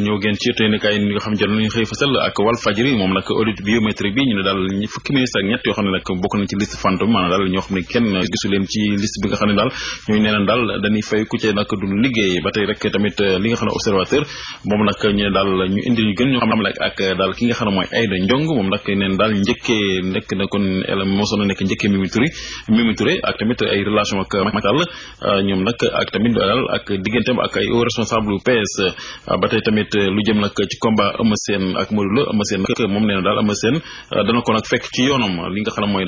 ñoo gën ci tey nekaay yi xam jot ñu ne daal fukki ak ñett yoo moom nag ak tamit daal ak digganteem ak ay hauts responsable PS ba tey tamit tamit euh, lu jëm nag ci combat Eumeu ak Modou daal Eumeu Sène euh, dana fekk ci yoonam li nga xam ne euh,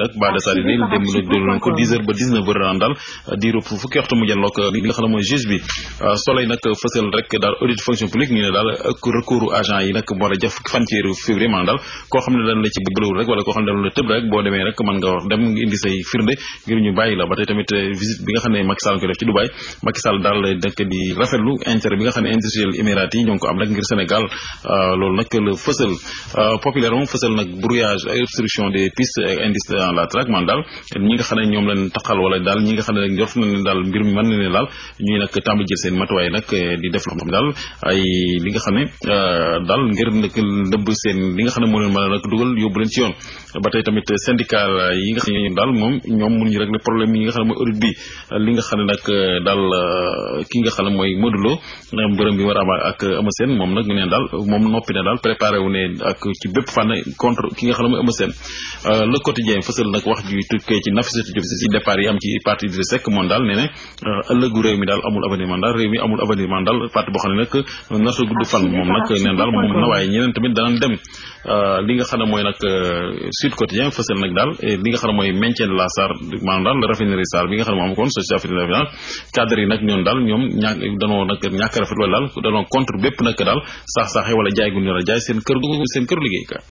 nga def ci Dubaï Macky daal nag di rafetlu intérêt bi nga xam industriel émirats yi ñoo ko am rek ngir Sénégal euh, loolu nag la fësal euh, populaire moom fësal nag brouillage ay obstruction des pistes et indice dans la traque man daal ñi nga xam ne ñoom lañ taxal wala daal ñi nga xam ne nag jot seen matuwaay nag euh, di def loo daal ay li nga xam ne daal ngir nag seen li nga xam ne moo leen a nag dugal yóbbu leen ci yoon ba tey tamit syndicat yi nga xam ne daal moom ñoom mënuñu régler problème yi nga xam ne mooy audit bi li nga xam ne nag daal ki nga xam ne mooy modulo mbërëm a moom nag mu daal moom noppi ne daal préparé wu ak ci bépp fànn contre ki nga xam ne mooy Eumeu Sène euh, le nag wax ju tukkee ci Nafissatou Diouf départ yi am ci parti de sec moom daal nee ne euh, réew mi daal amul avenir man daal réew mi amul avenir man daal parti boo xam ne nag narta gudd fan moom nag neen daal moom na waaye ñeneen tamit danañ dem euh, li nga xam ne mooy nag Sud Quotidien fësal daal li nga xam ne la SAR maanaam daal la daal sax-saxe wala jaay gu ñu jaay seen kër mhm. seen këru liggéey ka